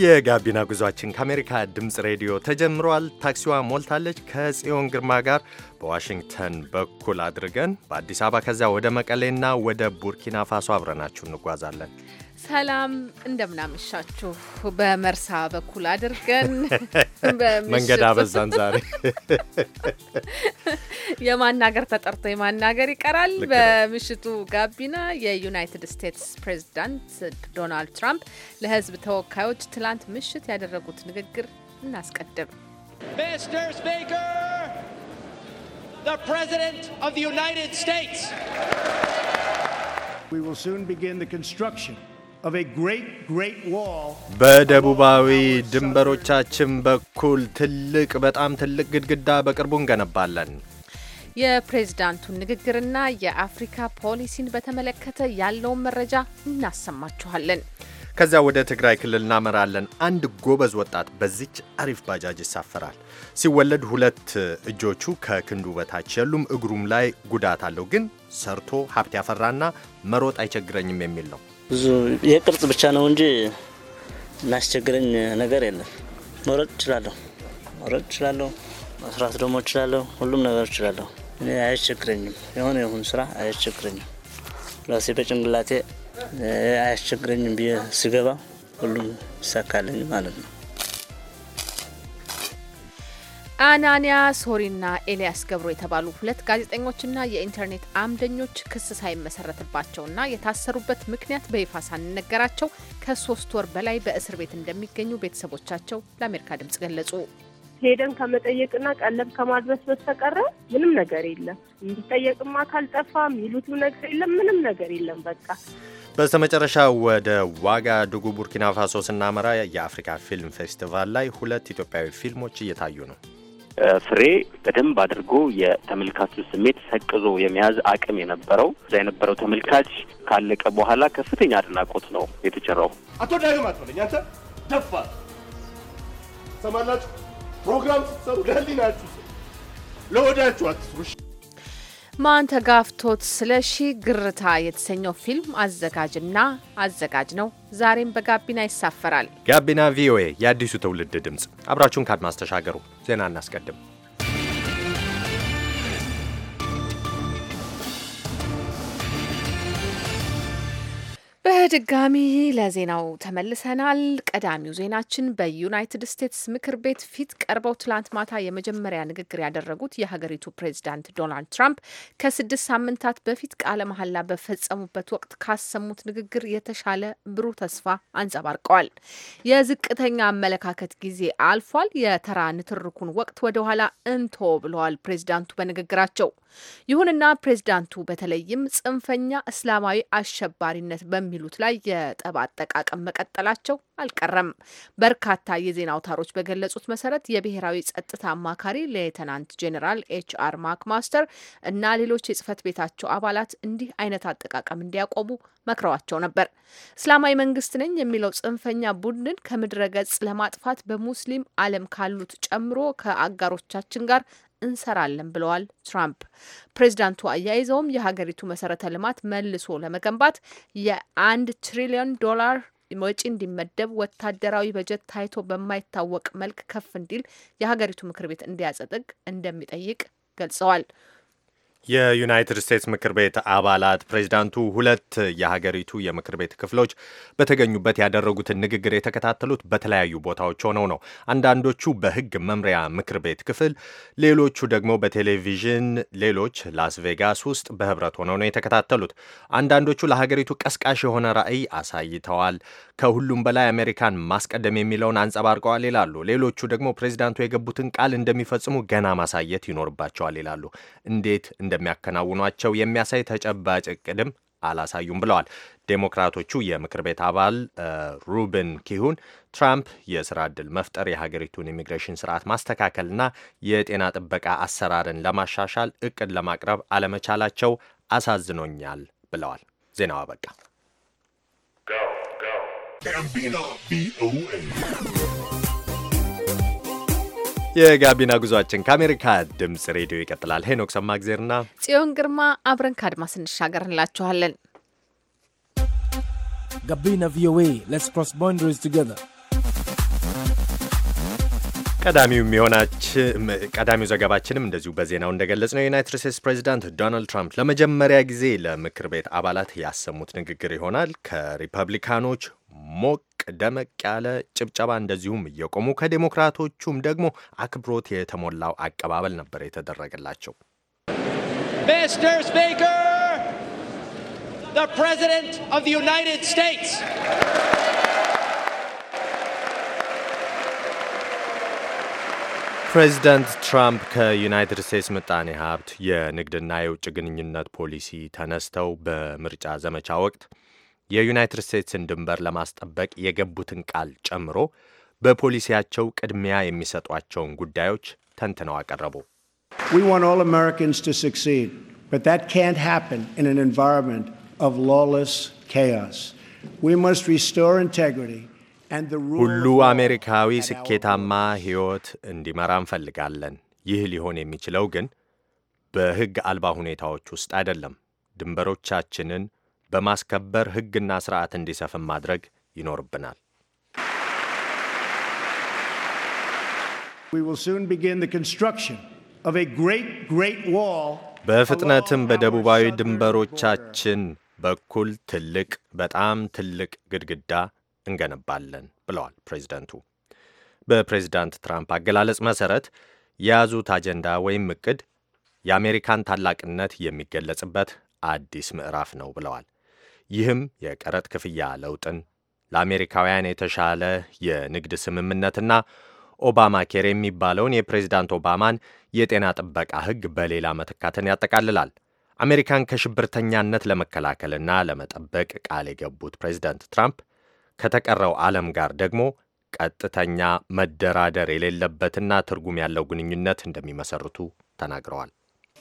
የጋቢና ጉዟችን ከአሜሪካ ድምፅ ሬዲዮ ተጀምሯል። ታክሲዋ ሞልታለች። ከጽዮን ግርማ ጋር በዋሽንግተን በኩል አድርገን በአዲስ አበባ ከዚያ ወደ መቀሌና ወደ ቡርኪና ፋሶ አብረናችሁ እንጓዛለን። ሰላም እንደምናመሻችሁ። በመርሳ በኩል አድርገን መንገድ አበዛን ዛሬ የማናገር ተጠርቶ የማናገር ይቀራል። በምሽቱ ጋቢና የዩናይትድ ስቴትስ ፕሬዚዳንት ዶናልድ ትራምፕ ለሕዝብ ተወካዮች ትላንት ምሽት ያደረጉት ንግግር እናስቀድም። ሚስተር ስፒከር ፕሬዚደንት ዩናይትድ ስቴትስ We በደቡባዊ ድንበሮቻችን በኩል ትልቅ በጣም ትልቅ ግድግዳ በቅርቡ እንገነባለን። የፕሬዝዳንቱን ንግግርና የአፍሪካ ፖሊሲን በተመለከተ ያለውን መረጃ እናሰማችኋለን። ከዚያ ወደ ትግራይ ክልል እናመራለን። አንድ ጎበዝ ወጣት በዚች አሪፍ ባጃጅ ይሳፈራል። ሲወለድ ሁለት እጆቹ ከክንዱ በታች የሉም፣ እግሩም ላይ ጉዳት አለው። ግን ሰርቶ ሀብት ያፈራና መሮጥ አይቸግረኝም የሚል ነው። ብዙ የቅርጽ ብቻ ነው እንጂ የሚያስቸግረኝ ነገር የለም። መረጥ እችላለሁ፣ መረጥ እችላለሁ፣ መስራት ደግሞ እችላለሁ፣ ሁሉም ነገር እችላለሁ። እኔ አያስቸግረኝም፣ የሆነ የሁን ስራ አያስቸግረኝም። ራሴ በጭንቅላቴ አያስቸግረኝም ብዬ ስገባ ሁሉም ይሳካለኝ ማለት ነው። አናንያ ሶሪና ኤልያስ ገብሮ የተባሉ ሁለት ጋዜጠኞችና የኢንተርኔት አምደኞች ክስ ሳይመሰረትባቸውና የታሰሩበት ምክንያት በይፋ ሳንነገራቸው ከሶስት ወር በላይ በእስር ቤት እንደሚገኙ ቤተሰቦቻቸው ለአሜሪካ ድምጽ ገለጹ። ሄደን ከመጠየቅና ቀለብ ከማድረስ በስተቀረ ምንም ነገር የለም። እንዲጠየቅም አካል ጠፋ፣ የሚሉትም ነገር የለም፣ ምንም ነገር የለም። በቃ በስተ መጨረሻ ወደ ዋጋ ድጉ ቡርኪና ፋሶ ስናመራ የአፍሪካ ፊልም ፌስቲቫል ላይ ሁለት ኢትዮጵያዊ ፊልሞች እየታዩ ነው። ፍሬ በደንብ አድርጎ የተመልካቹ ስሜት ሰቅዞ የመያዝ አቅም የነበረው እዛ የነበረው ተመልካች ካለቀ በኋላ ከፍተኛ አድናቆት ነው የተቸረው። አቶ ዳግም አትበለኝ አንተ ደፋ ሰማላችሁ። ፕሮግራም ስትሰሩ ለህሊናችሁ ለወዳችሁ አትስሩሽ። ማንተጋፍቶት ስለሺ ግርታ የተሰኘው ፊልም አዘጋጅና አዘጋጅ ነው። ዛሬም በጋቢና ይሳፈራል። ጋቢና ቪኦኤ፣ የአዲሱ ትውልድ ድምፅ። አብራችሁን ካድማስ ተሻገሩ። ዜና እናስቀድም። በድጋሚ ለዜናው ተመልሰናል። ቀዳሚው ዜናችን በዩናይትድ ስቴትስ ምክር ቤት ፊት ቀርበው ትላንት ማታ የመጀመሪያ ንግግር ያደረጉት የሀገሪቱ ፕሬዚዳንት ዶናልድ ትራምፕ ከስድስት ሳምንታት በፊት ቃለ መሐላ በፈጸሙበት ወቅት ካሰሙት ንግግር የተሻለ ብሩህ ተስፋ አንጸባርቀዋል። የዝቅተኛ አመለካከት ጊዜ አልፏል፣ የተራ ንትርኩን ወቅት ወደኋላ እንቶ ብለዋል ፕሬዚዳንቱ በንግግራቸው። ይሁንና ፕሬዚዳንቱ በተለይም ጽንፈኛ እስላማዊ አሸባሪነት በሚሉት ላይ የጠብ አጠቃቀም መቀጠላቸው አልቀረም። በርካታ የዜና አውታሮች በገለጹት መሰረት የብሔራዊ ጸጥታ አማካሪ ሌተናንት ጄኔራል ኤች አር ማክ ማስተር እና ሌሎች የጽህፈት ቤታቸው አባላት እንዲህ አይነት አጠቃቀም እንዲያቆሙ መክረዋቸው ነበር። እስላማዊ መንግስት ነኝ የሚለው ጽንፈኛ ቡድንን ከምድረ ገጽ ለማጥፋት በሙስሊም ዓለም ካሉት ጨምሮ ከአጋሮቻችን ጋር እንሰራለን ብለዋል ትራምፕ። ፕሬዚዳንቱ አያይዘውም የሀገሪቱ መሰረተ ልማት መልሶ ለመገንባት የአንድ ትሪሊዮን ዶላር ወጪ እንዲመደብ ወታደራዊ በጀት ታይቶ በማይታወቅ መልክ ከፍ እንዲል የሀገሪቱ ምክር ቤት እንዲያጸድቅ እንደሚጠይቅ ገልጸዋል። የዩናይትድ ስቴትስ ምክር ቤት አባላት ፕሬዚዳንቱ ሁለት የሀገሪቱ የምክር ቤት ክፍሎች በተገኙበት ያደረጉትን ንግግር የተከታተሉት በተለያዩ ቦታዎች ሆነው ነው። አንዳንዶቹ በሕግ መምሪያ ምክር ቤት ክፍል፣ ሌሎቹ ደግሞ በቴሌቪዥን፣ ሌሎች ላስ ቬጋስ ውስጥ በህብረት ሆነው ነው የተከታተሉት። አንዳንዶቹ ለሀገሪቱ ቀስቃሽ የሆነ ራዕይ አሳይተዋል። ከሁሉም በላይ አሜሪካን ማስቀደም የሚለውን አንጸባርቀዋል ይላሉ። ሌሎቹ ደግሞ ፕሬዚዳንቱ የገቡትን ቃል እንደሚፈጽሙ ገና ማሳየት ይኖርባቸዋል ይላሉ። እንዴት እንደሚያከናውኗቸው የሚያሳይ ተጨባጭ እቅድም አላሳዩም ብለዋል። ዴሞክራቶቹ የምክር ቤት አባል ሩብን ኪሁን ትራምፕ የስራ ዕድል መፍጠር፣ የሀገሪቱን ኢሚግሬሽን ስርዓት ማስተካከልና የጤና ጥበቃ አሰራርን ለማሻሻል እቅድ ለማቅረብ አለመቻላቸው አሳዝኖኛል ብለዋል። ዜናው አበቃ። የጋቢና ጉዟችን ከአሜሪካ ድምፅ ሬዲዮ ይቀጥላል። ሄኖክ ግዜርና ጽዮን ግርማ አብረን ከአድማስ እንሻገር እንላችኋለን። ጋቢና ቪኦኤ ሌትስ ክሮስ ቦንደሪስ ቱጌዘር ቀዳሚው ቀዳሚው ዘገባችንም እንደዚሁ በዜናው እንደገለጽ ነው የዩናይትድ ስቴትስ ፕሬዚዳንት ዶናልድ ትራምፕ ለመጀመሪያ ጊዜ ለምክር ቤት አባላት ያሰሙት ንግግር ይሆናል። ከሪፐብሊካኖች ሞቅ ደመቅ ያለ ጭብጨባ እንደዚሁም እየቆሙ ከዴሞክራቶቹም ደግሞ አክብሮት የተሞላው አቀባበል ነበር የተደረገላቸው። ፕሬዚደንት ትራምፕ ከዩናይትድ ስቴትስ ምጣኔ ሀብት፣ የንግድና የውጭ ግንኙነት ፖሊሲ ተነስተው በምርጫ ዘመቻ ወቅት የዩናይትድ ስቴትስን ድንበር ለማስጠበቅ የገቡትን ቃል ጨምሮ በፖሊሲያቸው ቅድሚያ የሚሰጧቸውን ጉዳዮች ተንትነው አቀረቡ። ሁሉ አሜሪካዊ ስኬታማ ሕይወት እንዲመራ እንፈልጋለን። ይህ ሊሆን የሚችለው ግን በሕግ አልባ ሁኔታዎች ውስጥ አይደለም። ድንበሮቻችንን በማስከበር ሕግና ስርዓት እንዲሰፍን ማድረግ ይኖርብናል። በፍጥነትም በደቡባዊ ድንበሮቻችን በኩል ትልቅ በጣም ትልቅ ግድግዳ እንገነባለን ብለዋል ፕሬዚደንቱ። በፕሬዚዳንት ትራምፕ አገላለጽ መሠረት የያዙት አጀንዳ ወይም እቅድ የአሜሪካን ታላቅነት የሚገለጽበት አዲስ ምዕራፍ ነው ብለዋል። ይህም የቀረጥ ክፍያ ለውጥን ለአሜሪካውያን የተሻለ የንግድ ስምምነትና ኦባማ ኬር የሚባለውን የፕሬዚዳንት ኦባማን የጤና ጥበቃ ሕግ በሌላ መተካትን ያጠቃልላል። አሜሪካን ከሽብርተኛነት ለመከላከልና ለመጠበቅ ቃል የገቡት ፕሬዚዳንት ትራምፕ ከተቀረው ዓለም ጋር ደግሞ ቀጥተኛ መደራደር የሌለበትና ትርጉም ያለው ግንኙነት እንደሚመሰርቱ ተናግረዋል።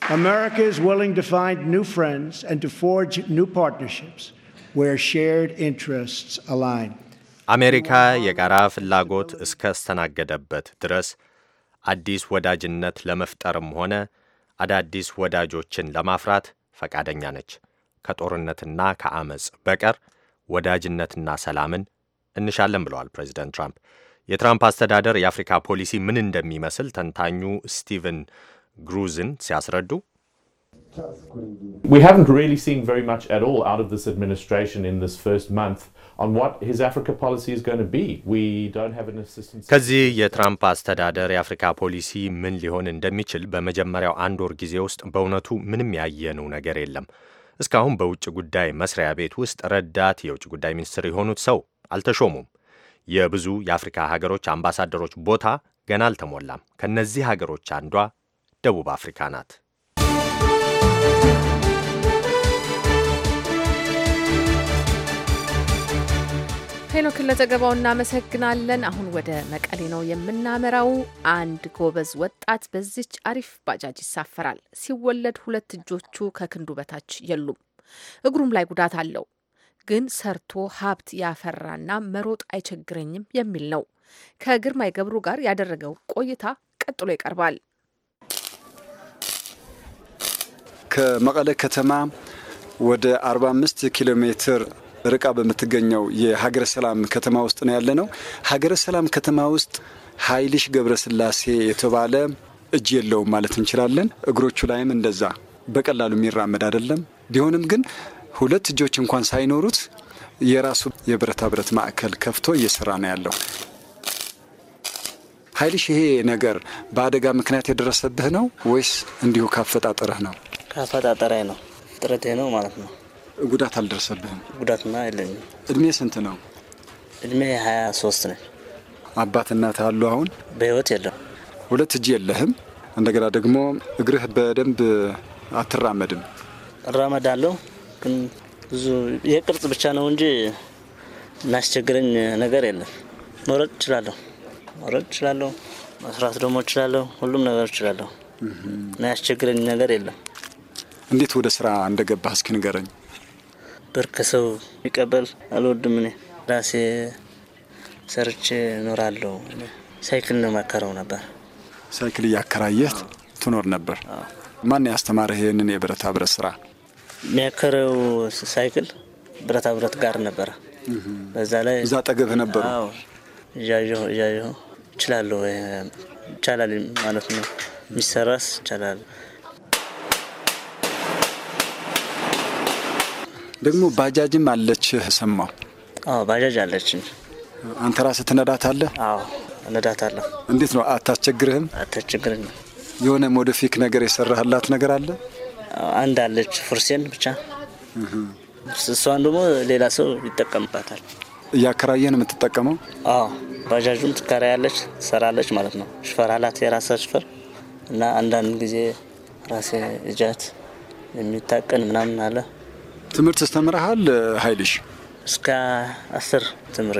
America is willing to find new friends and to forge new partnerships where shared interests align. አሜሪካ የጋራ ፍላጎት እስከስተናገደበት ድረስ አዲስ ወዳጅነት ለመፍጠርም ሆነ አዳዲስ ወዳጆችን ለማፍራት ፈቃደኛ ነች። ከጦርነትና ከአመፅ በቀር ወዳጅነትና ሰላምን እንሻለን ብለዋል ፕሬዚደንት ትራምፕ። የትራምፕ አስተዳደር የአፍሪካ ፖሊሲ ምን እንደሚመስል ተንታኙ ስቲቨን ግሩዝን ሲያስረዱ ከዚህ የትራምፕ አስተዳደር የአፍሪካ ፖሊሲ ምን ሊሆን እንደሚችል በመጀመሪያው አንድ ወር ጊዜ ውስጥ በእውነቱ ምንም ያየነው ነገር የለም። እስካሁን በውጭ ጉዳይ መስሪያ ቤት ውስጥ ረዳት የውጭ ጉዳይ ሚኒስትር የሆኑት ሰው አልተሾሙም። የብዙ የአፍሪካ ሀገሮች አምባሳደሮች ቦታ ገና አልተሞላም። ከእነዚህ ሀገሮች አንዷ ደቡብ አፍሪካ ናት። ሄኖክን ለዘገባው እናመሰግናለን። አሁን ወደ መቀሌ ነው የምናመራው። አንድ ጎበዝ ወጣት በዚች አሪፍ ባጃጅ ይሳፈራል። ሲወለድ ሁለት እጆቹ ከክንዱ በታች የሉም፣ እግሩም ላይ ጉዳት አለው። ግን ሰርቶ ሀብት ያፈራና መሮጥ አይቸግረኝም የሚል ነው። ከግርማይ ገብሩ ጋር ያደረገው ቆይታ ቀጥሎ ይቀርባል። ከመቀለ ከተማ ወደ 45 ኪሎ ሜትር ርቃ በምትገኘው የሀገረ ሰላም ከተማ ውስጥ ነው ያለ ነው። ሀገረ ሰላም ከተማ ውስጥ ኃይልሽ ገብረስላሴ የተባለ እጅ የለውም ማለት እንችላለን። እግሮቹ ላይም እንደዛ በቀላሉ የሚራመድ አይደለም። ቢሆንም ግን ሁለት እጆች እንኳን ሳይኖሩት የራሱ የብረታ ብረት ማዕከል ከፍቶ እየሰራ ነው ያለው። ኃይልሽ፣ ይሄ ነገር በአደጋ ምክንያት የደረሰብህ ነው ወይስ እንዲሁ ካፈጣጠረህ ነው? ከፈጣጠራይ ነው ጥረቴ ነው ማለት ነው። ጉዳት አልደረሰብህም? ጉዳትና የለኝም። እድሜ ስንት ነው? እድሜ ሀያ ሶስት ነኝ። አባት እናት አሉ? አሁን በህይወት የለም። ሁለት እጅ የለህም። እንደገና ደግሞ እግርህ በደንብ አትራመድም። እራመዳለሁ ግን ብዙ የቅርጽ ብቻ ነው እንጂ የሚያስቸግረኝ ነገር የለም። መረጥ እችላለሁ፣ መረጥ እችላለሁ፣ መስራት ደግሞ እችላለሁ፣ ሁሉም ነገር እችላለሁ የሚያስቸግረኝ ያስቸግረኝ ነገር የለም። እንዴት ወደ ስራ እንደገባህ እስኪ ንገረኝ። በርከሰው ይቀበል አልወድም። እኔ ራሴ ሰርቼ እኖራለሁ። ሳይክል ነው ማከራው ነበር። ሳይክል እያከራየህ ትኖር ነበር? ማን ያስተማረህ ይህንን የብረታ ብረት ስራ? የሚያከረው ሳይክል ብረታ ብረት ጋር ነበረ። በዛ ላይ እዛ አጠገብህ ነበሩ። እያየሁ እያየሁ እችላለሁ ይቻላል ማለት ነው። የሚሰራስ ይቻላል ደግሞ ባጃጅም አለች ሰማው። ባጃጅ አለች። አንተ ራስህ ትነዳታለህ? እነዳታለሁ። እንዴት ነው? አታስቸግርህም? አታስቸግረኝም። የሆነ ሞዲፊክ ነገር የሰራህላት ነገር አለ? አንድ አለች ፉርሴን ብቻ። እሷን ደግሞ ሌላ ሰው ይጠቀምባታል። እያከራየን ነው የምትጠቀመው? አዎ ባጃጁም ትከራያለች፣ ትሰራለች ማለት ነው። ሽፈር አላት፣ የራሳ ሽፈር እና አንዳንድ ጊዜ ራሴ እጃት የሚታቀን ምናምን አለ ትምህርት ስተምረሃል ሀይልሽ? እስከ አስር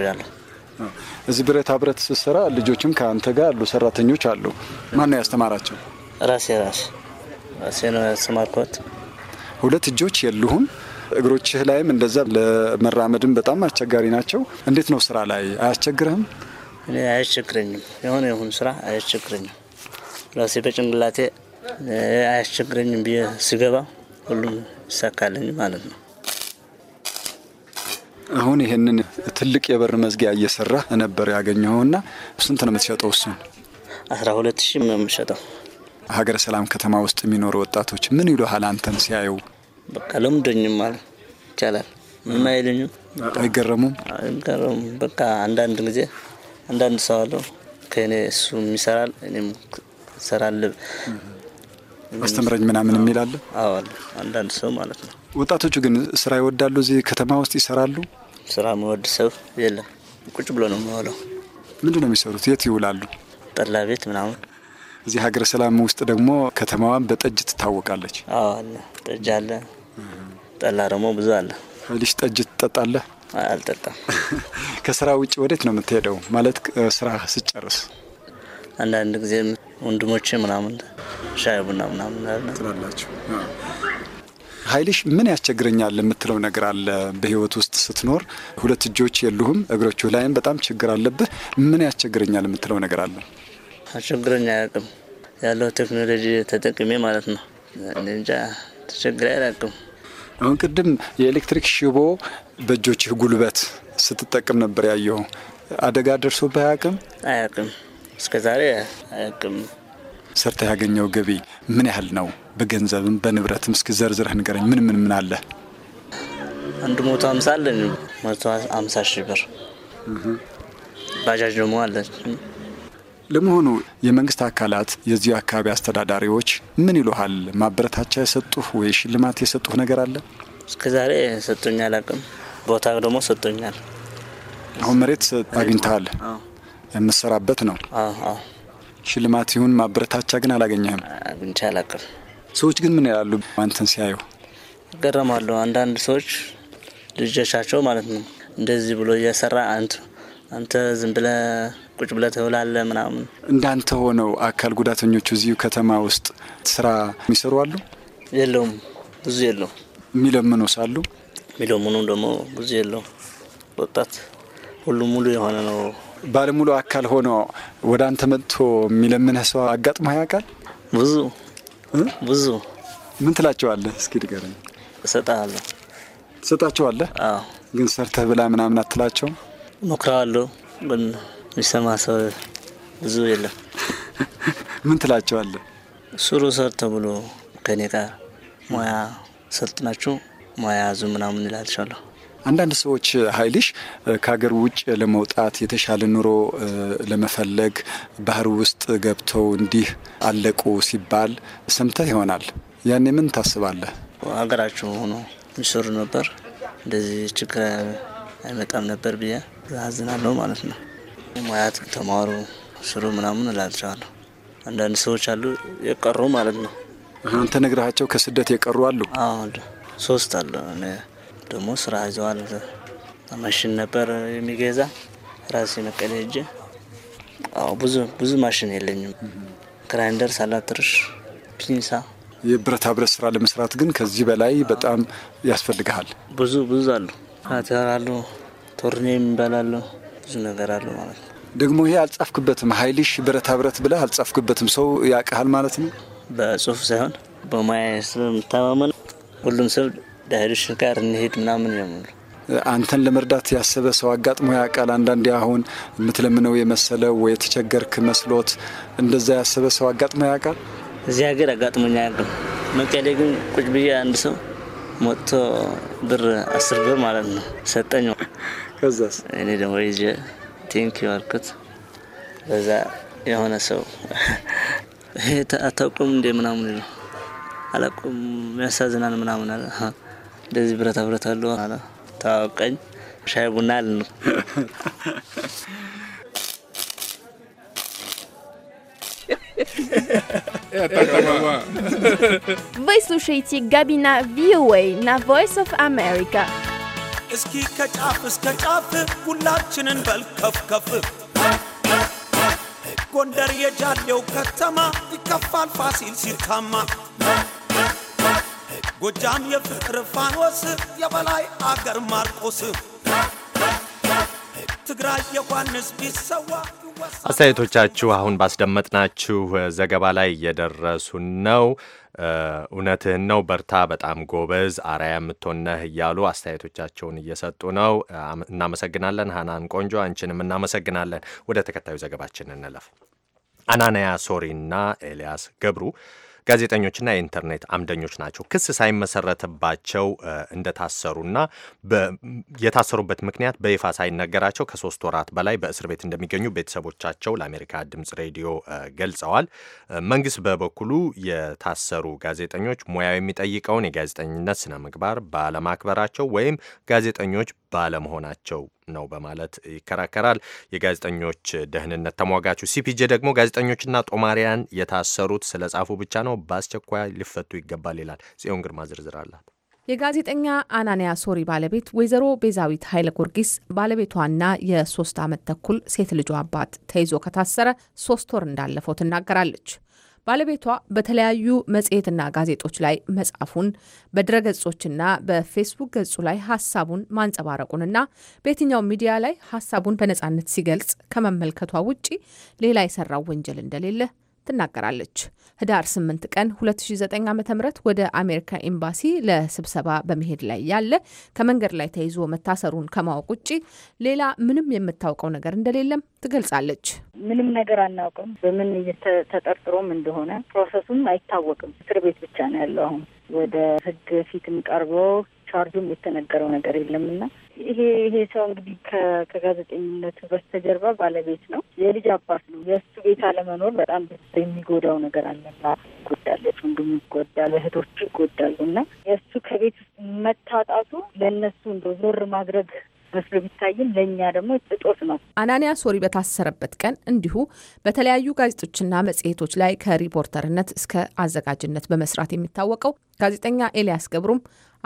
ያለ እዚህ ብረታ ብረት ስትሰራ ልጆችም ከአንተ ጋር አሉ፣ ሰራተኞች አሉ። ማን ነው ያስተማራቸው? ራሴ ራሴ ራሴ ነው ያስተማርኩት። ሁለት እጆች የሉሁም፣ እግሮችህ ላይም እንደዛ ለመራመድም በጣም አስቸጋሪ ናቸው። እንዴት ነው ስራ ላይ አያስቸግርህም? እኔ አያስቸግረኝም፣ የሆነ የሆኑ ስራ አያስቸግረኝም። ራሴ በጭንቅላቴ አያስቸግረኝም ብዬ ስገባ ሁሉም ይሳካልኝ ማለት ነው። አሁን ይህንን ትልቅ የበር መዝጊያ እየሰራ ነበር ያገኘኸውና ስንት ነው የምትሸጠው? እሱን አስራ ሁለት ሺህ ነው የምሸጠው። ሀገረ ሰላም ከተማ ውስጥ የሚኖሩ ወጣቶች ምን ይሉሃል አንተን ሲያዩ? በቃ ለምዶኝም ማለት ይቻላል። ምን አይገረሙም፣ አይገረሙም። በቃ አንዳንድ ጊዜ አንዳንድ ሰው አለው ከእኔ እሱ ይሰራል እኔም እሰራለሁ አስተምረኝ ምናምን የሚላለ? አለ። አዎ አንዳንድ ሰው ማለት ነው። ወጣቶቹ ግን ስራ ይወዳሉ፣ እዚህ ከተማ ውስጥ ይሰራሉ። ስራ መወድ ሰው የለም፣ ቁጭ ብሎ ነው የሚውለው። ምንድን ነው የሚሰሩት? የት ይውላሉ? ጠላ ቤት ምናምን። እዚህ ሀገረ ሰላም ውስጥ ደግሞ ከተማዋን በጠጅ ትታወቃለች። አዎ አለ፣ ጠጅ አለ፣ ጠላ ደግሞ ብዙ አለ። ልጅ ጠጅ ትጠጣለህ? አልጠጣም። ከስራ ውጭ ወዴት ነው የምትሄደው? ማለት ስራ ስጨርስ አንዳንድ ጊዜ ወንድሞቼ ምናምን ሻይ ቡና ምናምን ትላላችሁ። ኃይልሽ ምን ያስቸግረኛል የምትለው ነገር አለ? በህይወት ውስጥ ስትኖር ሁለት እጆች የሉህም፣ እግሮቹ ላይም በጣም ችግር አለብህ። ምን ያስቸግረኛል የምትለው ነገር አለ? አስቸግረኛ አያውቅም። ያለው ቴክኖሎጂ ተጠቅሜ ማለት ነው። እንጃ ተቸግረ አያውቅም። አሁን ቅድም የኤሌክትሪክ ሽቦ በእጆችህ ጉልበት ስትጠቅም ነበር ያየው አደጋ ደርሶብህ አያውቅም? አያውቅም፣ እስከዛሬ አያውቅም። ሰርተ ያገኘው ገቢ ምን ያህል ነው? በገንዘብም በንብረትም እስኪ ዘርዝረህ ንገረኝ። ምን ምን ምን አለ? አንድ ሞቶ አምሳ አለን መቶ አምሳ ሺህ ብር ባጃጅ ደግሞ አለ። ለመሆኑ የመንግስት አካላት የዚሁ አካባቢ አስተዳዳሪዎች ምን ይሉሃል? ማበረታቻ የሰጡህ ወይ ሽልማት የሰጡህ ነገር አለ? እስከዛሬ ሰጡኛል። አቅም ቦታ ደግሞ ሰጡኛል። አሁን መሬት አግኝተሃል፣ የምሰራበት ነው። ሽልማት ይሁን ማበረታቻ ግን አላገኘህም? አግኝቼ አላውቅም። ሰዎች ግን ምን ይላሉ አንተን ሲያዩ? እገረማለሁ። አንዳንድ ሰዎች ልጆቻቸው ማለት ነው እንደዚህ ብሎ እየሰራ አንተ አንተ ዝም ብለ ቁጭ ብለ ትውላለ ምናምን። እንዳንተ ሆነው አካል ጉዳተኞቹ እዚሁ ከተማ ውስጥ ስራ የሚሰሩ አሉ? የለውም፣ ብዙ የለው። የሚለምኑ ሳሉ የሚለምኑ ደግሞ ብዙ የለውም። ወጣት ሁሉም ሙሉ የሆነ ነው ባለሙሉ አካል ሆኖ ወደ አንተ መጥቶ የሚለምንህ ሰው አጋጥሞ ያውቃል? ብዙ ብዙ። ምን ትላቸዋለህ? እስኪ ንገረኝ። እሰጥሃለሁ። ትሰጣቸዋለህ? ግን ሰርተህ ብላ ምናምን አትላቸው? እሞክራለሁ፣ ግን የሚሰማ ሰው ብዙ የለም። ምን ትላቸዋለህ? ስሩ ሰርተ ብሎ ከኔ ጋር ሙያ ሰልጥናችሁ ሙያ ያዙ ምናምን እላቸዋለሁ። አንዳንድ ሰዎች ሀይልሽ ከሀገር ውጭ ለመውጣት የተሻለ ኑሮ ለመፈለግ ባህር ውስጥ ገብተው እንዲህ አለቁ ሲባል ሰምተህ ይሆናል። ያኔ ምን ታስባለህ? ሀገራቸው ሆኖ የሚሰሩ ነበር እንደዚህ ችግር አይመጣም ነበር ብዬ አዝናለሁ ማለት ነው። ሙያት ተማሩ ስሩ ምናምን እላቸዋለሁ። አንዳንድ ሰዎች አሉ የቀሩ ማለት ነው። አንተ ነግረሃቸው ከስደት የቀሩ አሉ? አዎ ሶስት አሉ ደግሞ ስራ ይዘዋል። ማሽን ነበር የሚገዛ ራሴ መቀሌ ሄጄ። አዎ ብዙ ብዙ ማሽን የለኝም። ግራይንደር፣ ሳላትርሽ፣ ፒንሳ የብረታ ብረት ስራ ለመስራት ግን ከዚህ በላይ በጣም ያስፈልግሃል። ብዙ ብዙ አሉ፣ አሉ፣ ቶርኔ የሚባል ብዙ ነገር አሉ ማለት ነው። ደግሞ ይሄ አልጻፍክበትም፣ ሀይልሽ ብረታ ብረት ብለህ አልጻፍክበትም። ሰው ያቀሃል ማለት ነው። በጽሁፍ ሳይሆን በሙያ ስለምታማመን ሁሉም ሰው ዳይሬክሽን ጋር እንሄድ ምናምን ነው። አንተን ለመርዳት ያሰበ ሰው አጋጥሞ ያውቃል? አንዳንድ አሁን የምትለምነው የመሰለው ወይ የተቸገርክ መስሎት እንደዛ ያሰበ ሰው አጋጥሞ ያውቃል? እዚህ ሀገር አጋጥሞኛ ያውቅም። መቀሌ ግን ቁጭ ብዬ አንድ ሰው ሞቶ ብር አስር ብር ማለት ነው ሰጠኝ። ከዛስ እኔ ደግሞ ይዤ ቲንክ ያልኩት በዛ የሆነ ሰው ይሄ አታውቁም እንዴ ምናምን ነው አላውቁም ያሳዝናል ምናምን አለ እንደዚህ ብረታ ብረት አለው አለ ታወቀኝ። ሻይ ቡና አለ ነው Вы слушаете Габина VOA на Voice of America. እስኪ ከጫፍ እስከ ጫፍ ሁላችንን በል ከፍከፍ ጎንደር የጃሌው ከተማ ይከፋል ፋሲል ሲታማ ጎጃም የፍቅር ፋኖስ የበላይ አገር ማርቆስ ትግራይ የኳንስ ቢሰዋ አስተያየቶቻችሁ አሁን ባስደመጥናችሁ ዘገባ ላይ እየደረሱን ነው። እውነትህን ነው፣ በርታ፣ በጣም ጎበዝ፣ አርአያ የምትሆነህ እያሉ አስተያየቶቻቸውን እየሰጡ ነው። እናመሰግናለን ሀናን ቆንጆ፣ አንቺንም እናመሰግናለን። ወደ ተከታዩ ዘገባችን እንለፍ። አናናያ ሶሪና ኤልያስ ገብሩ ጋዜጠኞችና የኢንተርኔት አምደኞች ናቸው። ክስ ሳይመሰረትባቸው እንደታሰሩና የታሰሩበት ምክንያት በይፋ ሳይነገራቸው ከሶስት ወራት በላይ በእስር ቤት እንደሚገኙ ቤተሰቦቻቸው ለአሜሪካ ድምፅ ሬዲዮ ገልጸዋል። መንግስት በበኩሉ የታሰሩ ጋዜጠኞች ሙያው የሚጠይቀውን የጋዜጠኝነት ስነ ምግባር ባለማክበራቸው ወይም ጋዜጠኞች ባለመሆናቸው ነው በማለት ይከራከራል። የጋዜጠኞች ደህንነት ተሟጋቹ ሲፒጄ ደግሞ ጋዜጠኞችና ጦማሪያን የታሰሩት ስለ ጻፉ ብቻ ነው፣ በአስቸኳይ ሊፈቱ ይገባል ይላል። ጽዮን ግርማ ዝርዝር አላት። የጋዜጠኛ አናንያ ሶሪ ባለቤት ወይዘሮ ቤዛዊት ኃይለ ጊዮርጊስ ባለቤቷና የሶስት ዓመት ተኩል ሴት ልጇ አባት ተይዞ ከታሰረ ሶስት ወር እንዳለፈው ትናገራለች። ባለቤቷ በተለያዩ መጽሔትና ጋዜጦች ላይ መጻፉን በድረገጾችና በፌስቡክ ገጹ ላይ ሀሳቡን ማንጸባረቁንና በየትኛው ሚዲያ ላይ ሀሳቡን በነጻነት ሲገልጽ ከመመልከቷ ውጪ ሌላ የሰራው ወንጀል እንደሌለ ትናገራለች። ህዳር 8 ቀን 2009 ዓ ም ወደ አሜሪካ ኤምባሲ ለስብሰባ በመሄድ ላይ ያለ ከመንገድ ላይ ተይዞ መታሰሩን ከማወቅ ውጭ ሌላ ምንም የምታውቀው ነገር እንደሌለም ትገልጻለች። ምንም ነገር አናውቅም። በምን ተጠርጥሮም እንደሆነ ፕሮሰሱም አይታወቅም። እስር ቤት ብቻ ነው ያለው። አሁን ወደ ህግ ፊትም ቀርቦ ቻርጁም የተነገረው ነገር የለምና ይሄ ይሄ ሰው እንግዲህ ከጋዜጠኝነቱ በስተጀርባ ባለቤት ነው፣ የልጅ አባት ነው። የእሱ ቤት አለመኖር በጣም ቤተሰብ የሚጎዳው ነገር አለና ይጎዳለች፣ ወንድሙ ይጎዳል፣ እህቶቹ ይጎዳሉ። እና የእሱ ከቤት መታጣቱ ለእነሱ እንደ ዞር ማድረግ መስሎ ቢታይም ለእኛ ደግሞ እጦት ነው። አናንያ ሶሪ በታሰረበት ቀን እንዲሁ በተለያዩ ጋዜጦችና መጽሔቶች ላይ ከሪፖርተርነት እስከ አዘጋጅነት በመስራት የሚታወቀው ጋዜጠኛ ኤልያስ ገብሩም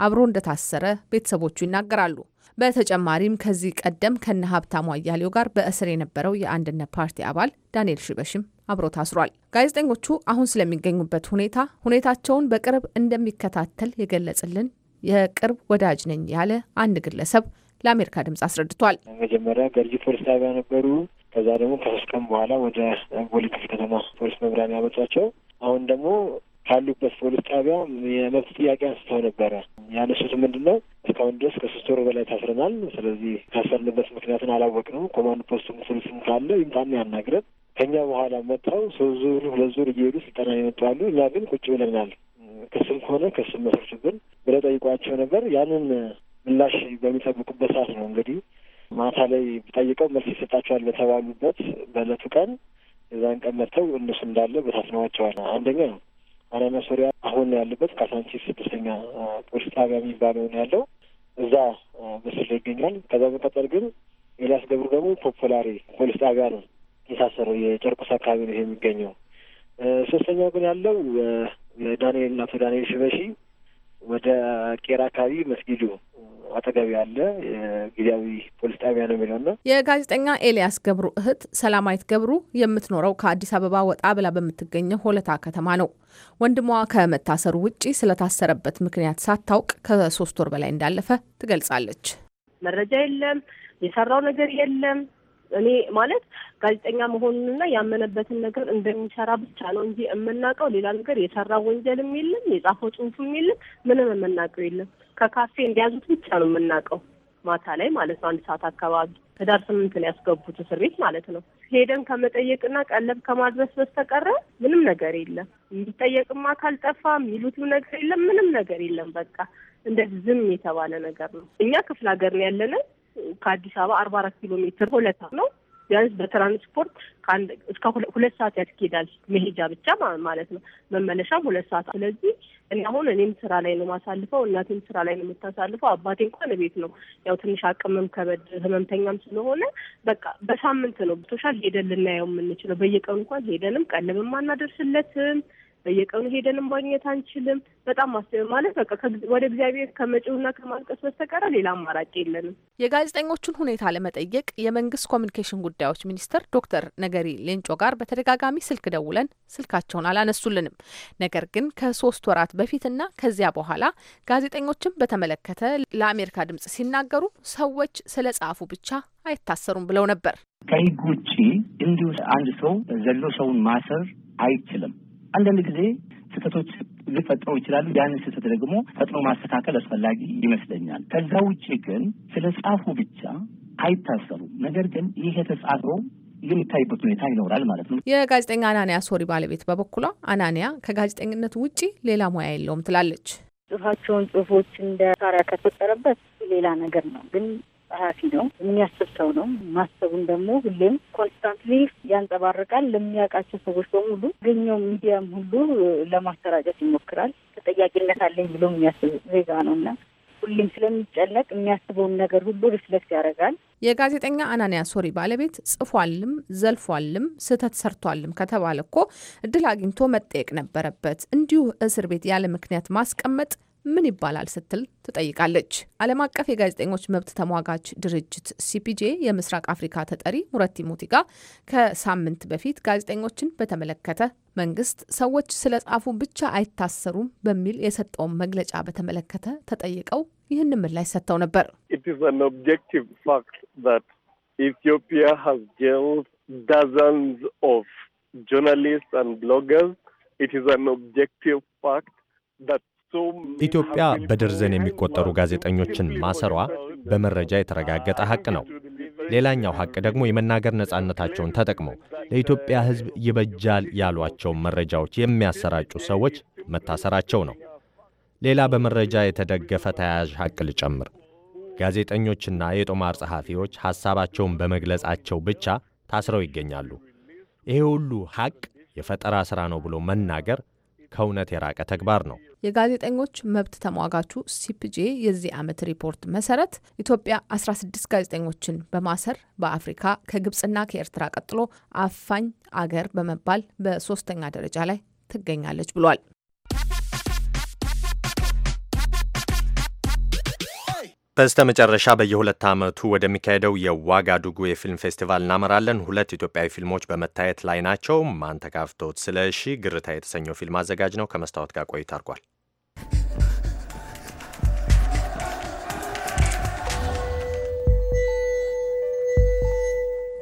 አብሮ እንደታሰረ ቤተሰቦቹ ይናገራሉ። በተጨማሪም ከዚህ ቀደም ከነ ሀብታሙ አያሌው ጋር በእስር የነበረው የአንድነት ፓርቲ አባል ዳንኤል ሽበሽም አብሮ ታስሯል። ጋዜጠኞቹ አሁን ስለሚገኙበት ሁኔታ ሁኔታቸውን በቅርብ እንደሚከታተል የገለጽልን የቅርብ ወዳጅ ነኝ ያለ አንድ ግለሰብ ለአሜሪካ ድምጽ አስረድቷል። መጀመሪያ ገርጂ ፖሊስ ጣቢያ ነበሩ። ከዛ ደግሞ ከሶስት ቀን በኋላ ወደ ቦሌ ክፍለ ከተማ ፖሊስ መምሪያ ያመጧቸው። አሁን ደግሞ ካሉበት ፖሊስ ጣቢያ የመብት ጥያቄ አንስተው ነበረ። ያነሱት ምንድን ነው? እስካሁን ድረስ ከሶስት ወር በላይ ታስረናል። ስለዚህ ካሰርንበት ምክንያትን አላወቅንም። ኮማንድ ፖስቱ ፖሊስም ካለ ይምጣን ያናግረን። ከኛ በኋላ መጥተው ሶስት ዙር ሁለት ዙር እየሄዱ ስልጠና ይመጣሉ። እኛ ግን ቁጭ ብለናል። ክስም ከሆነ ክስም መስርቱብን ብለው ጠይቋቸው ነበር። ያንን ምላሽ በሚጠብቁበት ሰዓት ነው እንግዲህ ማታ ላይ ጠይቀው መልስ ይሰጣቸዋል በተባሉበት በእለቱ ቀን የዛን ቀን መጥተው እነሱ እንዳለ በታስነዋቸዋል። አንደኛ ነው ዋና መሰሪያ አሁን ያለበት ካሳንቺስ ስድስተኛ ፖሊስ ጣቢያ የሚባለው ነው ያለው። እዛ ምስል ይገኛል። ከዛ በቀጠል ግን ኤልያስ ገብሩ ደግሞ ፖፑላሪ ፖሊስ ጣቢያ ነው የታሰረው። የጨርቆስ አካባቢ ነው ይሄ የሚገኘው። ሶስተኛው ግን ያለው ዳንኤል አቶ ዳንኤል ሽበሺ ወደ ቄራ አካባቢ መስጊዱ አጠገብ ያለ ጊዜያዊ ፖሊስ ጣቢያ ነው የሚለው ነው። የጋዜጠኛ ኤልያስ ገብሩ እህት ሰላማዊት ገብሩ የምትኖረው ከአዲስ አበባ ወጣ ብላ በምትገኘው ሆለታ ከተማ ነው። ወንድሟ ከመታሰሩ ውጪ ስለታሰረበት ምክንያት ሳታውቅ ከሶስት ወር በላይ እንዳለፈ ትገልጻለች። መረጃ የለም፣ የሰራው ነገር የለም። እኔ ማለት ጋዜጠኛ መሆኑንና ያመነበትን ነገር እንደሚሰራ ብቻ ነው እንጂ የምናውቀው ሌላ ነገር የሰራ ወንጀልም የለም፣ የጻፈው ጽሁፍም የለም፣ ምንም የምናውቀው የለም። ከካፌ እንዲያዙት ብቻ ነው የምናውቀው። ማታ ላይ ማለት ነው አንድ ሰዓት አካባቢ ህዳር ስምንት ነው ያስገቡት እስር ቤት ማለት ነው። ሄደን ከመጠየቅና ቀለብ ከማድረስ በስተቀረ ምንም ነገር የለም። የሚጠየቅም አካል ጠፋ፣ የሚሉትም ነገር የለም፣ ምንም ነገር የለም። በቃ እንደዚህ ዝም የተባለ ነገር ነው። እኛ ክፍለ ሀገር ነው ያለንን ከአዲስ አበባ አርባ አራት ኪሎ ሜትር ሆለታ ነው። ቢያንስ በትራንስፖርት እስከ ሁለት ሰዓት ያስኬዳል። መሄጃ ብቻ ማለት ነው። መመለሻም ሁለት ሰዓት። ስለዚህ እኔ አሁን እኔም ስራ ላይ ነው ማሳልፈው፣ እናቴም ስራ ላይ ነው የምታሳልፈው። አባቴ እንኳን ቤት ነው። ያው ትንሽ አቅምም ከበድ ህመምተኛም ስለሆነ በቃ በሳምንት ነው ብቶሻል ሄደን ልናየው የምንችለው። በየቀኑ እንኳን ሄደንም ቀልብም አናደርስለትም በየቀኑ ሄደንም ማግኘት አንችልም። በጣም ማስብ ማለት በቃ ወደ እግዚአብሔር ከመጪውና ከማልቀስ በስተቀረ ሌላ አማራጭ የለንም። የጋዜጠኞቹን ሁኔታ ለመጠየቅ የመንግስት ኮሚኒኬሽን ጉዳዮች ሚኒስትር ዶክተር ነገሪ ሌንጮ ጋር በተደጋጋሚ ስልክ ደውለን ስልካቸውን አላነሱልንም። ነገር ግን ከሶስት ወራት በፊትና ከዚያ በኋላ ጋዜጠኞችን በተመለከተ ለአሜሪካ ድምጽ ሲናገሩ ሰዎች ስለ ጻፉ ብቻ አይታሰሩም ብለው ነበር። ከህግ ውጭ እንዲሁ አንድ ሰው ዘሎ ሰውን ማሰር አይችልም። አንዳንድ ጊዜ ስህተቶች ሊፈጠሩ ይችላሉ። ያንን ስህተት ደግሞ ፈጥኖ ማስተካከል አስፈላጊ ይመስለኛል። ከዛ ውጭ ግን ስለ ጻፉ ብቻ አይታሰሩም። ነገር ግን ይህ የተጻፈው የሚታይበት ሁኔታ ይኖራል ማለት ነው። የጋዜጠኛ አናንያ ሶሪ ባለቤት በበኩሏ አናንያ ከጋዜጠኝነት ውጪ ሌላ ሙያ የለውም ትላለች። ጽፋቸውን ጽሁፎች እንደ ሳሪያ ከተጠረበት ሌላ ነገር ነው ግን ጸሐፊ ነው፣ የሚያስብ ሰው ነው። ማሰቡን ደግሞ ሁሌም ኮንስታንትሊ ያንጸባርቃል። ለሚያውቃቸው ሰዎች በሙሉ ገኘው ሚዲያም ሁሉ ለማሰራጨት ይሞክራል። ተጠያቂነት አለኝ ብሎ የሚያስብ ዜጋ ነው እና ሁሌም ስለሚጨነቅ የሚያስበውን ነገር ሁሉ ሪፍሌክት ያደርጋል። የጋዜጠኛ አናንያ ሶሪ ባለቤት ጽፏልም ዘልፏልም ስህተት ሰርቷልም ከተባለ እኮ እድል አግኝቶ መጠየቅ ነበረበት። እንዲሁ እስር ቤት ያለ ምክንያት ማስቀመጥ ምን ይባላል ስትል ትጠይቃለች። ዓለም አቀፍ የጋዜጠኞች መብት ተሟጋች ድርጅት ሲፒጄ የምስራቅ አፍሪካ ተጠሪ ሙረቲ ሙቲጋ ከሳምንት በፊት ጋዜጠኞችን በተመለከተ መንግስት ሰዎች ስለ ጻፉ ብቻ አይታሰሩም በሚል የሰጠውን መግለጫ በተመለከተ ተጠይቀው ይህንን ምላሽ ሰጥተው ነበር። ኢትዮጵያ has jailed dozens of ኢትዮጵያ በደርዘን የሚቆጠሩ ጋዜጠኞችን ማሰሯ በመረጃ የተረጋገጠ ሐቅ ነው። ሌላኛው ሐቅ ደግሞ የመናገር ነጻነታቸውን ተጠቅመው ለኢትዮጵያ ሕዝብ ይበጃል ያሏቸውን መረጃዎች የሚያሰራጩ ሰዎች መታሰራቸው ነው። ሌላ በመረጃ የተደገፈ ተያያዥ ሐቅ ልጨምር። ጋዜጠኞችና የጦማር ጸሐፊዎች ሐሳባቸውን በመግለጻቸው ብቻ ታስረው ይገኛሉ። ይሄ ሁሉ ሐቅ የፈጠራ ሥራ ነው ብሎ መናገር ከእውነት የራቀ ተግባር ነው። የጋዜጠኞች መብት ተሟጋቹ ሲፒጄ የዚህ ዓመት ሪፖርት መሰረት ኢትዮጵያ 16 ጋዜጠኞችን በማሰር በአፍሪካ ከግብፅና ከኤርትራ ቀጥሎ አፋኝ አገር በመባል በሶስተኛ ደረጃ ላይ ትገኛለች ብሏል። በስተ መጨረሻ በየሁለት ዓመቱ ወደሚካሄደው የዋጋዱጉ የፊልም ፌስቲቫል እናመራለን። ሁለት ኢትዮጵያዊ ፊልሞች በመታየት ላይ ናቸው። ስለ ስለሺ ግርታ የተሰኘው ፊልም አዘጋጅ ነው። ከመስታወት ጋር ቆይታ አድርጓል።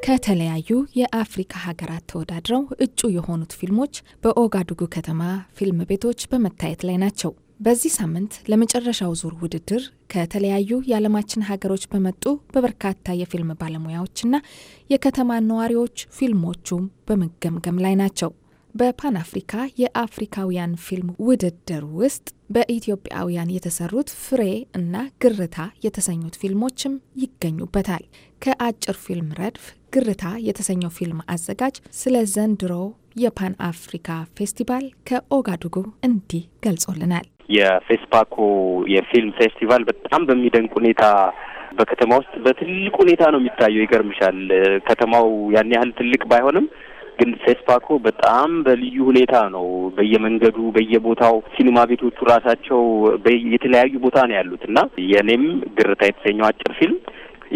ከተለያዩ የአፍሪካ ሀገራት ተወዳድረው እጩ የሆኑት ፊልሞች በኦጋዱጉ ከተማ ፊልም ቤቶች በመታየት ላይ ናቸው። በዚህ ሳምንት ለመጨረሻው ዙር ውድድር ከተለያዩ የዓለማችን ሀገሮች በመጡ በበርካታ የፊልም ባለሙያዎችና የከተማ ነዋሪዎች ፊልሞቹም በመገምገም ላይ ናቸው። በፓን አፍሪካ የአፍሪካውያን ፊልም ውድድር ውስጥ በኢትዮጵያውያን የተሰሩት ፍሬ እና ግርታ የተሰኙት ፊልሞችም ይገኙበታል። ከአጭር ፊልም ረድፍ ግርታ የተሰኘው ፊልም አዘጋጅ ስለ ዘንድሮ የፓን አፍሪካ ፌስቲቫል ከኦጋዱጉ እንዲህ ገልጾልናል። የፌስፓኮ የፊልም ፌስቲቫል በጣም በሚደንቅ ሁኔታ በከተማ ውስጥ በትልቅ ሁኔታ ነው የሚታየው። ይገርምሻል፣ ከተማው ያን ያህል ትልቅ ባይሆንም ግን ፌስፓኮ በጣም በልዩ ሁኔታ ነው በየመንገዱ በየቦታው ሲኒማ ቤቶቹ ራሳቸው የተለያዩ ቦታ ነው ያሉት እና የእኔም ግርታ የተሰኘው አጭር ፊልም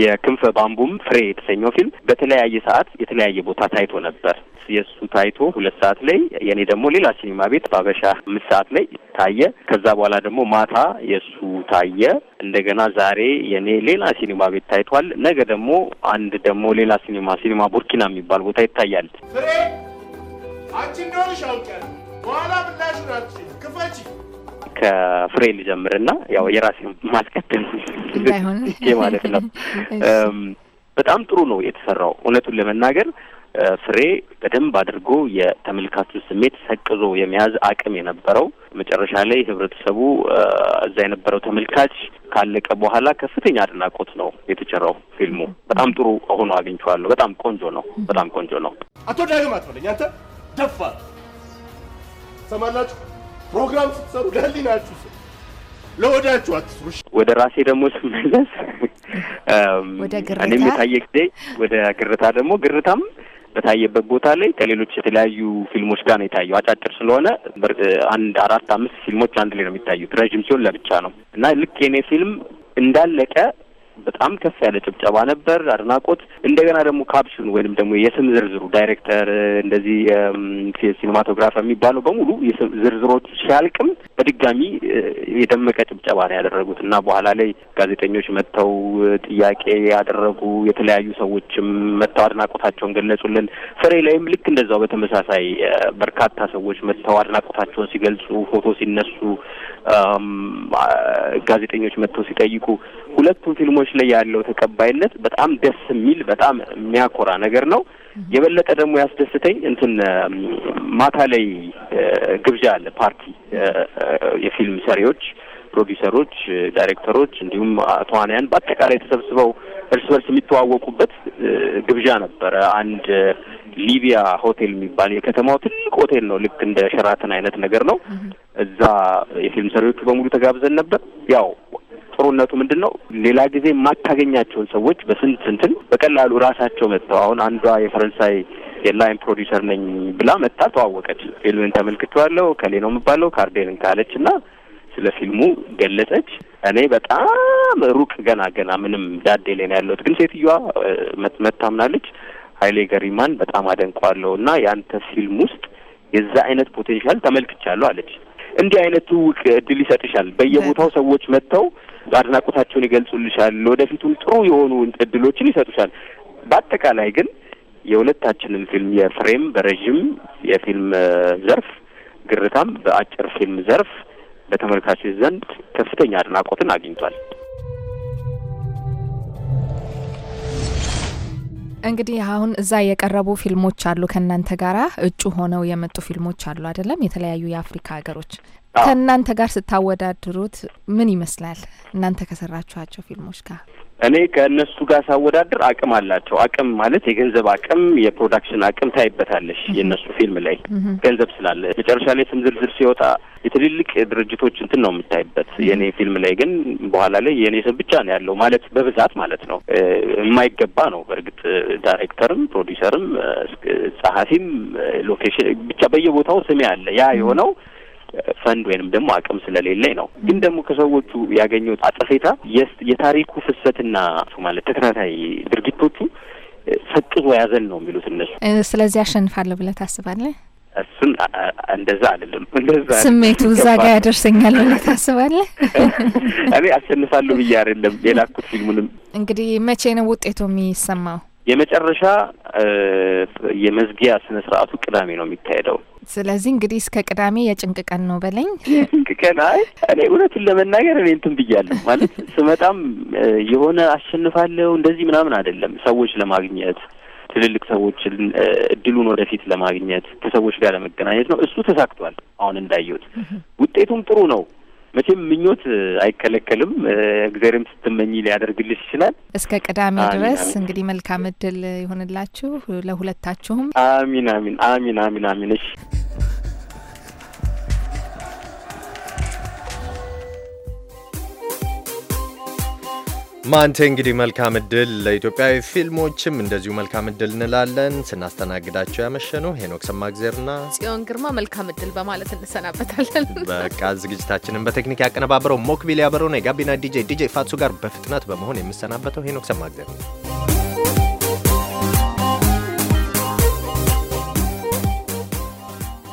የክንፈ ባምቡም ፍሬ የተሰኘው ፊልም በተለያየ ሰዓት የተለያየ ቦታ ታይቶ ነበር። የእሱ ታይቶ ሁለት ሰዓት ላይ የእኔ ደግሞ ሌላ ሲኒማ ቤት ባበሻ አምስት ሰዓት ላይ ታየ። ከዛ በኋላ ደግሞ ማታ የእሱ ታየ። እንደገና ዛሬ የእኔ ሌላ ሲኒማ ቤት ታይቷል። ነገ ደግሞ አንድ ደግሞ ሌላ ሲኒማ ሲኒማ ቡርኪና የሚባል ቦታ ይታያል። ፍሬ አንቺ እንደሆንሽ አውቄያለሁ። በኋላ ምላሽ ናት ከፍሬ ልጀምርና ያው የራሴ ማስቀደም ማለት ነው። በጣም ጥሩ ነው የተሰራው። እውነቱን ለመናገር ፍሬ በደንብ አድርጎ የተመልካቹ ስሜት ሰቅዞ የመያዝ አቅም የነበረው መጨረሻ ላይ ህብረተሰቡ እዛ የነበረው ተመልካች ካለቀ በኋላ ከፍተኛ አድናቆት ነው የተቸረው። ፊልሙ በጣም ጥሩ ሆኖ አግኝቼዋለሁ። በጣም ቆንጆ ነው። በጣም ቆንጆ ነው። አቶ ዳግም አትበለኝ አንተ ደፋ ሰማላችሁ ፕሮግራም ስትሰሩ ለህሊናችሁ ለወዳችሁ አትስሩ። ወደ ራሴ ደግሞ ስመለስ ወደ ግርታ እኔም የታየ ጊዜ ወደ ግርታ ደግሞ ግርታም በታየበት ቦታ ላይ ከሌሎች የተለያዩ ፊልሞች ጋር ነው የታየው። አጫጭር ስለሆነ አንድ አራት አምስት ፊልሞች አንድ ላይ ነው የሚታዩት። ረዥም ሲሆን ለብቻ ነው እና ልክ የኔ ፊልም እንዳለቀ በጣም ከፍ ያለ ጭብጨባ ነበር፣ አድናቆት። እንደገና ደግሞ ካፕሽኑ ወይንም ደግሞ የስም ዝርዝሩ ዳይሬክተር፣ እንደዚህ ሲኒማቶግራፍ የሚባለው በሙሉ የስም ዝርዝሮች ሲያልቅም በድጋሚ የደመቀ ጭብጨባ ነው ያደረጉት እና በኋላ ላይ ጋዜጠኞች መጥተው ጥያቄ ያደረጉ የተለያዩ ሰዎችም መጥተው አድናቆታቸውን ገለጹልን። ፍሬ ላይም ልክ እንደዛው በተመሳሳይ በርካታ ሰዎች መጥተው አድናቆታቸውን ሲገልጹ ፎቶ ሲነሱ ጋዜጠኞች መጥተው ሲጠይቁ ሁለቱም ፊልሞች ላይ ያለው ተቀባይነት በጣም ደስ የሚል በጣም የሚያኮራ ነገር ነው። የበለጠ ደግሞ ያስደስተኝ እንትን ማታ ላይ ግብዣ አለ ፓርቲ የፊልም ሰሪዎች ፕሮዲውሰሮች፣ ዳይሬክተሮች እንዲሁም ተዋናያን በአጠቃላይ ተሰብስበው እርስ በርስ የሚተዋወቁበት ግብዣ ነበረ። አንድ ሊቢያ ሆቴል የሚባል የከተማው ትልቅ ሆቴል ነው። ልክ እንደ ሸራተን አይነት ነገር ነው። እዛ የፊልም ሰሪዎቹ በሙሉ ተጋብዘን ነበር። ያው ጥሩነቱ ምንድን ነው? ሌላ ጊዜ የማታገኛቸውን ሰዎች በስንት ስንትን በቀላሉ ራሳቸው መጥተው አሁን አንዷ የፈረንሳይ የላይን ፕሮዲውሰር ነኝ ብላ መጣ ተዋወቀች። ፊልምን ተመልክቼዋለሁ ከሌ ነው የምባለው ካርዴንን ካለች እና ስለ ፊልሙ ገለጸች። እኔ በጣም ሩቅ ገና ገና ምንም ዳዴ ላይ ነው ያለሁት፣ ግን ሴትዮዋ መታምናለች። ሀይሌ ገሪማን በጣም አደንቋለሁ እና የአንተ ፊልም ውስጥ የዛ አይነት ፖቴንሻል ተመልክቻለሁ አለች። እንዲህ አይነት ትውውቅ እድል ይሰጥሻል። በየቦታው ሰዎች መጥተው አድናቆታቸውን ይገልጹልሻል። ወደፊቱም ጥሩ የሆኑ እድሎችን ይሰጡሻል። በአጠቃላይ ግን የሁለታችንም ፊልም የፍሬም በረዥም የፊልም ዘርፍ ግርታም በአጭር ፊልም ዘርፍ በተመልካቾች ዘንድ ከፍተኛ አድናቆትን አግኝቷል። እንግዲህ አሁን እዛ የቀረቡ ፊልሞች አሉ። ከእናንተ ጋራ እጩ ሆነው የመጡ ፊልሞች አሉ አይደለም? የተለያዩ የአፍሪካ ሀገሮች ከእናንተ ጋር ስታወዳድሩት ምን ይመስላል? እናንተ ከሰራችኋቸው ፊልሞች ጋር እኔ ከእነሱ ጋር ሳወዳድር አቅም አላቸው። አቅም ማለት የገንዘብ አቅም፣ የፕሮዳክሽን አቅም ታይበታለሽ። የእነሱ ፊልም ላይ ገንዘብ ስላለ መጨረሻ ላይ ስም ዝርዝር ሲወጣ የትልልቅ ድርጅቶች እንትን ነው የምታይበት። የእኔ ፊልም ላይ ግን በኋላ ላይ የእኔ ስም ብቻ ነው ያለው ማለት በብዛት ማለት ነው። የማይገባ ነው። በእርግጥ ዳይሬክተርም፣ ፕሮዲሰርም፣ ጸሐፊም፣ ሎኬሽን ብቻ በየቦታው ስሜ አለ። ያ የሆነው ፈንድ ወይንም ደግሞ አቅም ስለሌለኝ ነው። ግን ደግሞ ከሰዎቹ ያገኘሁት አጸፌታ የታሪኩ ፍሰትና ማለት ተከታታይ ድርጊቶቹ ፈጥዞ ያዘን ነው የሚሉት እነሱ። ስለዚህ አሸንፋለሁ ብለህ ታስባለህ? እሱን እንደዛ አይደለም። እንደዛ ስሜቱ እዛ ጋር ያደርሰኛል ብለህ ታስባለህ? እኔ አሸንፋለሁ ብዬ አይደለም የላኩት። ፊልሙንም እንግዲህ መቼ ነው ውጤቱ የሚሰማው? የመጨረሻ የመዝጊያ ስነ ስርዓቱ ቅዳሜ ነው የሚካሄደው። ስለዚህ እንግዲህ እስከ ቅዳሜ የጭንቅ ቀን ነው በለኝ። የጭንቅ ቀን አይ እኔ እውነቱን ለመናገር እኔ እንትን ብያለሁ ማለት ስመጣም የሆነ አሸንፋለሁ እንደዚህ ምናምን አይደለም። ሰዎች ለማግኘት ትልልቅ ሰዎች እድሉን ወደፊት ለማግኘት ከሰዎች ጋር ለመገናኘት ነው። እሱ ተሳክቷል። አሁን እንዳየሁት ውጤቱም ጥሩ ነው። መቼም ምኞት አይከለከልም። እግዚአብሔርም ስትመኝ ሊያደርግልሽ ይችላል። እስከ ቅዳሜ ድረስ እንግዲህ መልካም እድል ይሆንላችሁ ለሁለታችሁም። አሚን አሚን አሚን አሚን አሚን። እሺ ማንተ እንግዲህ መልካም እድል ለኢትዮጵያዊ ፊልሞችም እንደዚሁ መልካም እድል እንላለን። ስናስተናግዳቸው ያመሸነው ነው ሄኖክ ሰማግዜርና ጽዮን ግርማ። መልካም እድል በማለት እንሰናበታለን። በቃ ዝግጅታችንን በቴክኒክ ያቀነባበረው ሞክቢል ያበረው ነው። የጋቢና ዲጄ ዲጄ ፋቱ ጋር በፍጥነት በመሆን የምሰናበተው ሄኖክ ሰማግዜር ነው።